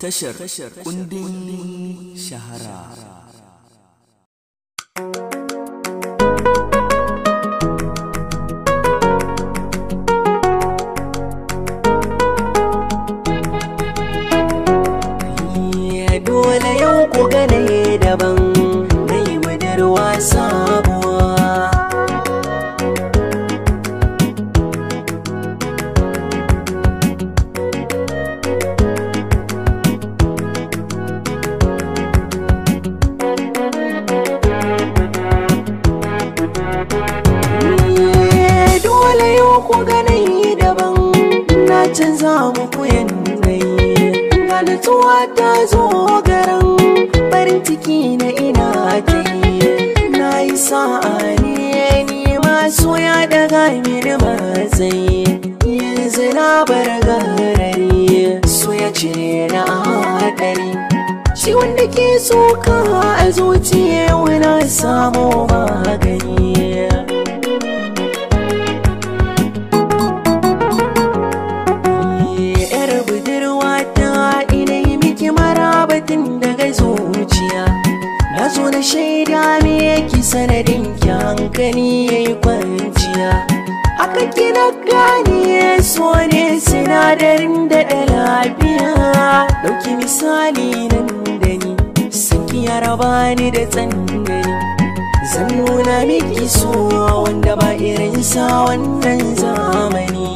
tashar kundin shahara dole yau ku gane za mu koyan zai ga nutsuwa ta zo garin farin ciki na ina ta yi na yi sa'a ne ni maso ya daga mini matsayi yanzu na bar garari Su ya ce na haɗari shi wanda ke so ka a zuciya wani samu magani gani yayi kwanciya aka kira gani ya ne sinadarin da da lafiya ɗauki misali nan da ni saki ya ni da tsangani zan nuna miki so wanda ba irin sa wannan zamani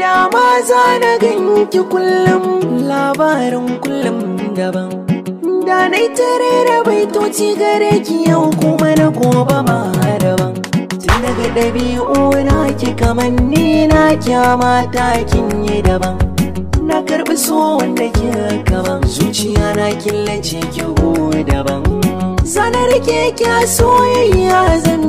dama za na ganki kullum labarin kullum gaban da na tare da ci gare ki yau kuma na gobe ba daban tun daga ɗabi'u na ki ni na kyamata kin yi daban na karɓi so wanda ke kaman zuciya na killace ki daban sanar ke kya soyayya zan